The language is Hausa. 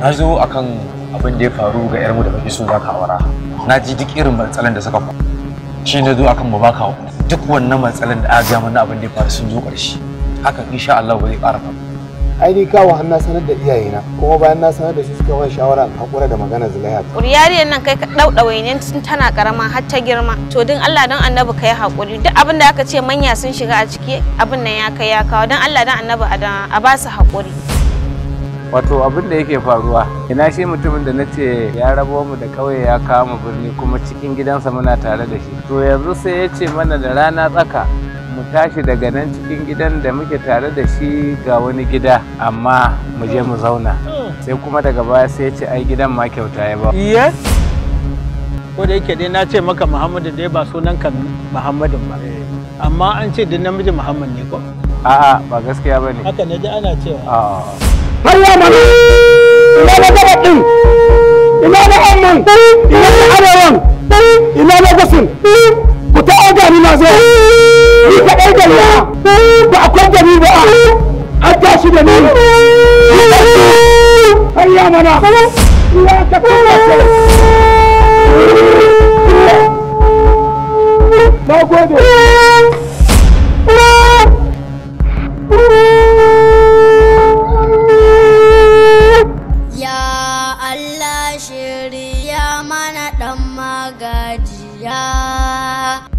na zo akan abin da ya faru ga yarmu da baki so za ka aura na ji duk irin matsalan da suka faru shi na zo akan mu baka duk wannan matsalan da aka gaya mana abin da ya faru sun zo ƙarshe hakan insha Allah ba zai ƙara ai ni kawo hanna na sanar da iyayena kuma bayan na sanar da su suka wani shawara a hakura da magana zulaiha kuriyariyar nan kai ka dau ne tun tana karama har ta girma to din Allah dan annabi kai hakuri duk abin da aka ce manya sun shiga a ciki abin nan ya kai ya kawo dan Allah dan annabi a ba su hakuri wato abin da yake faruwa ina shi mutumin da nace ya rabo mu da kauye ya kawo mu birni kuma cikin gidansa muna tare da shi to yanzu sai ya ce mana da rana tsaka mu tashi daga nan cikin gidan da muke tare da shi ga wani gida amma mu je mu zauna sai kuma daga baya sai ya ce ai gidan ma kyauta ya ba ko da yake dai na ce maka muhammadu dai ba sunan kan Muhammadu ba eh. amma an ce da namiji muhammad ne ko a'a ba gaskiya ba ne haka ne da ana cewa A'a. har ya mana ina na gaba ɗin ina na amman ina na arewan ina na gasin ku ta oga ni na zo ni kaɗai da ya ba a kwanta ni ba an tashi da ni har ya mana ina ka kuma na gode Allah shirya mana ɗan magajiya.